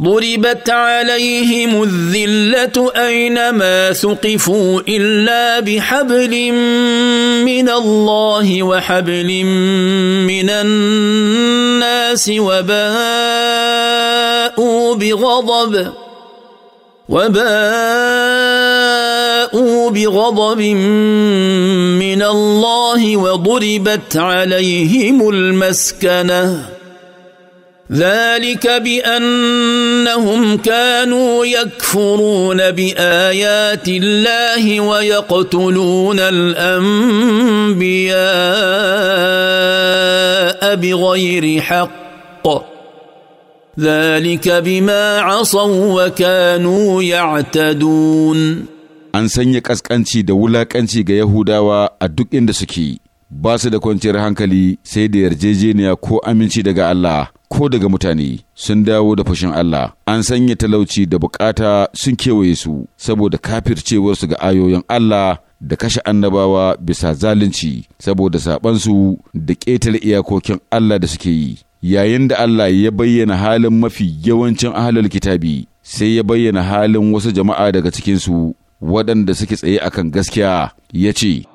ضربت عليهم الذلة أينما ثقفوا إلا بحبل من الله وحبل من الناس وباءوا بغضب وباءوا بغضب من الله وضربت عليهم المسكنه ذلك بانهم كانوا يكفرون بايات الله ويقتلون الانبياء بغير حق ذلك بما عصوا وكانوا يعتدون an sanya ƙasƙanci da wulaƙanci ga yahudawa a duk inda suke ba su da kwanciyar hankali sai da yarjejeniya ko aminci daga allah ko daga mutane sun dawo da fushin Allah an sanya talauci da bukata sun kewaye su saboda kafircewarsu ga ayoyin Allah da kashe annabawa bisa zalunci saboda sabansu da ƙetare iyakokin Allah da suke yi yayin da Allah ya bayyana halin mafi yawancin ahalar kitabi sai ya bayyana halin wasu jama'a daga cikinsu waɗanda suke tsaye akan gaskiya ya ce